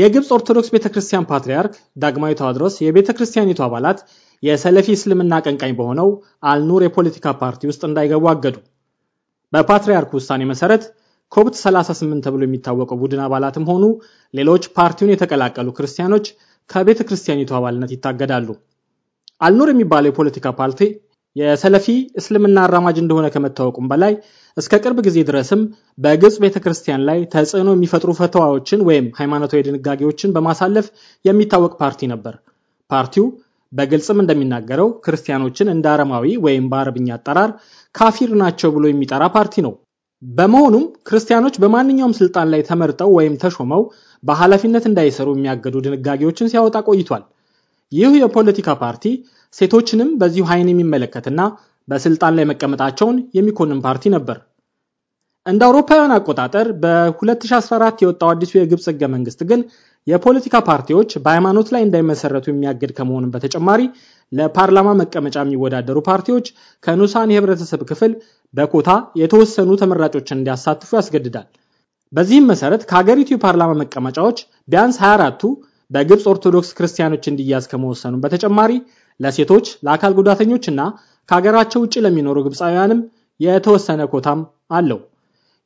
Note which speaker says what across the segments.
Speaker 1: የግብፅ ኦርቶዶክስ ቤተ ክርስቲያን ፓትርያርክ ዳግማዊ ተዋድሮስ የቤተ ክርስቲያኒቱ አባላት የሰለፊ እስልምና አቀንቃኝ በሆነው አልኑር የፖለቲካ ፓርቲ ውስጥ እንዳይገቡ አገዱ። በፓትርያርኩ ውሳኔ መሰረት ኮብት 38 ተብሎ የሚታወቀው ቡድን አባላትም ሆኑ ሌሎች ፓርቲውን የተቀላቀሉ ክርስቲያኖች ከቤተ ክርስቲያኒቱ አባልነት ይታገዳሉ። አልኑር የሚባለው የፖለቲካ ፓርቲ የሰለፊ እስልምና አራማጅ እንደሆነ ከመታወቁም በላይ እስከ ቅርብ ጊዜ ድረስም በግብፅ ቤተ ክርስቲያን ላይ ተጽዕኖ የሚፈጥሩ ፈተዋዎችን ወይም ሃይማኖታዊ ድንጋጌዎችን በማሳለፍ የሚታወቅ ፓርቲ ነበር። ፓርቲው በግልጽም እንደሚናገረው ክርስቲያኖችን እንደ አረማዊ ወይም በአረብኛ አጠራር ካፊር ናቸው ብሎ የሚጠራ ፓርቲ ነው። በመሆኑም ክርስቲያኖች በማንኛውም ስልጣን ላይ ተመርጠው ወይም ተሾመው በኃላፊነት እንዳይሰሩ የሚያገዱ ድንጋጌዎችን ሲያወጣ ቆይቷል። ይህ የፖለቲካ ፓርቲ ሴቶችንም በዚሁ ኃይን የሚመለከትና በስልጣን ላይ መቀመጣቸውን የሚኮንን ፓርቲ ነበር። እንደ አውሮፓውያን አቆጣጠር በ2014 የወጣው አዲሱ የግብፅ ህገ መንግስት ግን የፖለቲካ ፓርቲዎች በሃይማኖት ላይ እንዳይመሰረቱ የሚያገድ ከመሆኑም በተጨማሪ ለፓርላማ መቀመጫ የሚወዳደሩ ፓርቲዎች ከኑሳን የህብረተሰብ ክፍል በኮታ የተወሰኑ ተመራጮችን እንዲያሳትፉ ያስገድዳል። በዚህም መሰረት ከሀገሪቱ የፓርላማ መቀመጫዎች ቢያንስ 24ቱ በግብፅ ኦርቶዶክስ ክርስቲያኖች እንዲያዝ ከመወሰኑ በተጨማሪ ለሴቶች ለአካል ጉዳተኞችና ከሀገራቸው ውጭ ለሚኖሩ ግብፃውያንም የተወሰነ ኮታም አለው።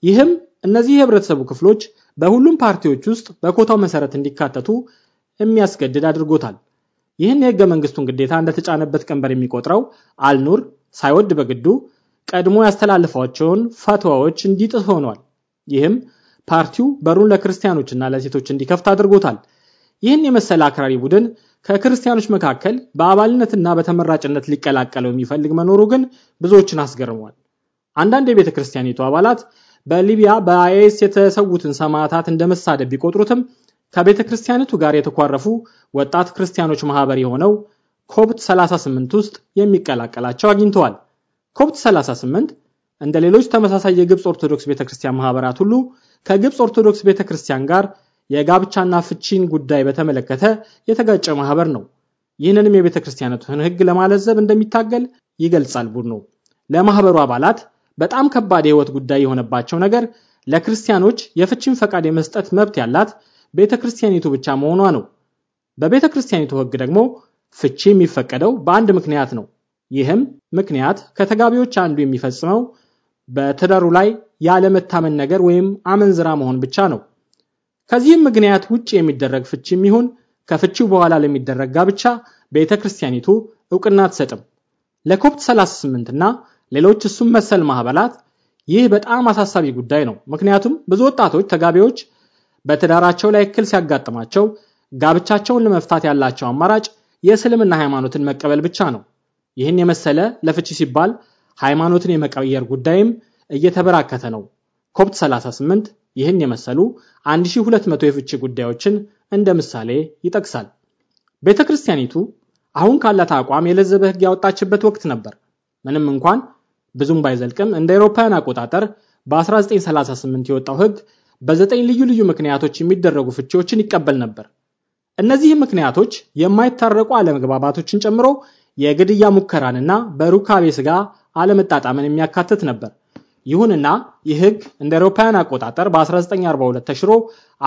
Speaker 1: ይህም እነዚህ የህብረተሰቡ ክፍሎች በሁሉም ፓርቲዎች ውስጥ በኮታው መሰረት እንዲካተቱ የሚያስገድድ አድርጎታል። ይህን የህገ መንግስቱን ግዴታ እንደተጫነበት ቀንበር የሚቆጥረው አልኑር ሳይወድ በግዱ ቀድሞ ያስተላልፏቸውን ፈትዋዎች እንዲጥስ ሆኗል። ይህም ፓርቲው በሩን ለክርስቲያኖችና ለሴቶች እንዲከፍት አድርጎታል። ይህን የመሰለ አክራሪ ቡድን ከክርስቲያኖች መካከል በአባልነትና በተመራጭነት ሊቀላቀለው የሚፈልግ መኖሩ ግን ብዙዎችን አስገርሟል። አንዳንድ የቤተ ክርስቲያኒቱ አባላት በሊቢያ በአይኤስ የተሰዉትን ሰማዕታት እንደ መሳደብ ቢቆጥሩትም ከቤተ ክርስቲያኒቱ ጋር የተኳረፉ ወጣት ክርስቲያኖች ማህበር የሆነው ኮብት 38 ውስጥ የሚቀላቀላቸው አግኝተዋል። ኮብት 38 እንደ ሌሎች ተመሳሳይ የግብፅ ኦርቶዶክስ ቤተክርስቲያን ማህበራት ሁሉ ከግብፅ ኦርቶዶክስ ቤተክርስቲያን ጋር የጋብቻና ፍቺን ጉዳይ በተመለከተ የተጋጨ ማህበር ነው። ይህንንም የቤተ ክርስቲያናቱን ህግ ለማለዘብ እንደሚታገል ይገልጻል ቡድኑ። ለማህበሩ አባላት በጣም ከባድ የህይወት ጉዳይ የሆነባቸው ነገር ለክርስቲያኖች የፍቺን ፈቃድ የመስጠት መብት ያላት ቤተ ክርስቲያኒቱ ብቻ መሆኗ ነው። በቤተ ክርስቲያኒቱ ህግ ደግሞ ፍቺ የሚፈቀደው በአንድ ምክንያት ነው። ይህም ምክንያት ከተጋቢዎች አንዱ የሚፈጽመው በትዳሩ ላይ ያለመታመን ነገር ወይም አመንዝራ መሆን ብቻ ነው። ከዚህም ምክንያት ውጭ የሚደረግ ፍቺ የሚሆን ከፍቺው በኋላ ለሚደረግ ጋብቻ ቤተ ክርስቲያኒቱ እውቅና አትሰጥም። ለኮፕት 38 እና ሌሎች እሱም መሰል ማህበላት ይህ በጣም አሳሳቢ ጉዳይ ነው። ምክንያቱም ብዙ ወጣቶች ተጋቢዎች በትዳራቸው ላይ እክል ሲያጋጥማቸው ጋብቻቸውን ለመፍታት ያላቸው አማራጭ የእስልምና ሃይማኖትን መቀበል ብቻ ነው። ይህን የመሰለ ለፍቺ ሲባል ሃይማኖትን የመቀየር ጉዳይም እየተበራከተ ነው። ኮፕት 38 ይህን የመሰሉ 1200 የፍቺ ጉዳዮችን እንደ ምሳሌ ይጠቅሳል። ቤተ ክርስቲያኒቱ አሁን ካላት አቋም የለዘበ ሕግ ያወጣችበት ወቅት ነበር። ምንም እንኳን ብዙም ባይዘልቅም እንደ አውሮፓውያን አቆጣጠር በ1938 የወጣው ሕግ በዘጠኝ ልዩ ልዩ ምክንያቶች የሚደረጉ ፍቺዎችን ይቀበል ነበር። እነዚህ ምክንያቶች የማይታረቁ አለመግባባቶችን ጨምሮ የግድያ ሙከራንና በሩካቤ ስጋ አለመጣጣምን የሚያካትት ነበር። ይሁንና ይህ ህግ እንደ አውሮፓውያን አቆጣጠር በ1942 ተሽሮ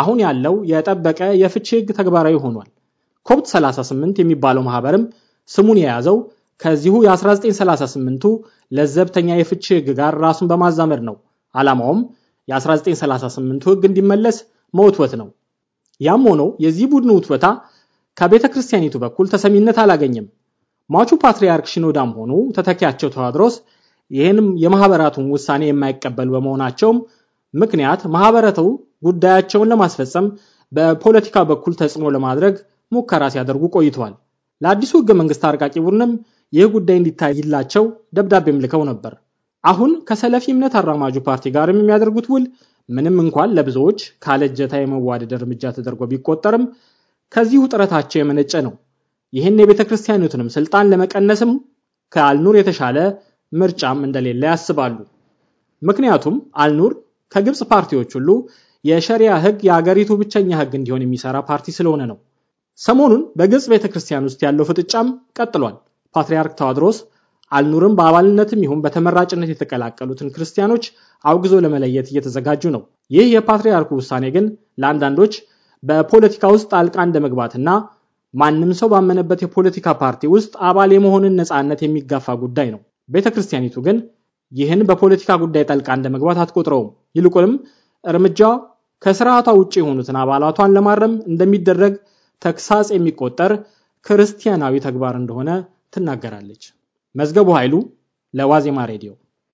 Speaker 1: አሁን ያለው የጠበቀ የፍቺ ህግ ተግባራዊ ሆኗል። ኮብት 38 የሚባለው ማህበርም ስሙን የያዘው ከዚሁ የ1938ቱ ለዘብተኛ የፍቺ ህግ ጋር ራሱን በማዛመድ ነው። ዓላማውም የ1938ቱ ህግ እንዲመለስ መውትወት ነው። ያም ሆኖ የዚህ ቡድን ውትወታ ከቤተ ክርስቲያኒቱ በኩል ተሰሚነት አላገኘም። ማቹ ፓትርያርክ ሽኖዳም ሆኑ ተተኪያቸው ተዋድሮስ ይህንም የማህበራቱን ውሳኔ የማይቀበል በመሆናቸውም ምክንያት ማህበረተው ጉዳያቸውን ለማስፈጸም በፖለቲካ በኩል ተጽዕኖ ለማድረግ ሙከራ ሲያደርጉ ቆይተዋል። ለአዲሱ ህገ መንግስት አርቃቂ ቡድንም ይህ ጉዳይ እንዲታይላቸው ደብዳቤም ልከው ነበር። አሁን ከሰለፊ እምነት አራማጁ ፓርቲ ጋርም የሚያደርጉት ውል ምንም እንኳን ለብዙዎች ካለጀታ የመዋደድ እርምጃ ተደርጎ ቢቆጠርም ከዚሁ ጥረታቸው የመነጨ ነው። ይህን የቤተ ክርስቲያኒቱንም ስልጣን ለመቀነስም ከአልኑር የተሻለ ምርጫም እንደሌለ ያስባሉ። ምክንያቱም አልኑር ከግብፅ ፓርቲዎች ሁሉ የሸሪያ ህግ የአገሪቱ ብቸኛ ህግ እንዲሆን የሚሰራ ፓርቲ ስለሆነ ነው። ሰሞኑን በግብፅ ቤተ ክርስቲያን ውስጥ ያለው ፍጥጫም ቀጥሏል። ፓትርያርክ ተዋድሮስ አልኑርም በአባልነትም ይሁን በተመራጭነት የተቀላቀሉትን ክርስቲያኖች አውግዞ ለመለየት እየተዘጋጁ ነው። ይህ የፓትርያርኩ ውሳኔ ግን ለአንዳንዶች በፖለቲካ ውስጥ ጣልቃ እንደመግባትና ማንም ሰው ባመነበት የፖለቲካ ፓርቲ ውስጥ አባል የመሆንን ነፃነት የሚጋፋ ጉዳይ ነው። ቤተ ክርስቲያኒቱ ግን ይህን በፖለቲካ ጉዳይ ጠልቃ እንደ መግባት አትቆጥረውም። ይልቁንም እርምጃው ከስርዓቷ ውጭ የሆኑትን አባላቷን ለማረም እንደሚደረግ ተግሳጽ የሚቆጠር ክርስቲያናዊ ተግባር እንደሆነ ትናገራለች። መዝገቡ ኃይሉ ለዋዜማ ሬዲዮ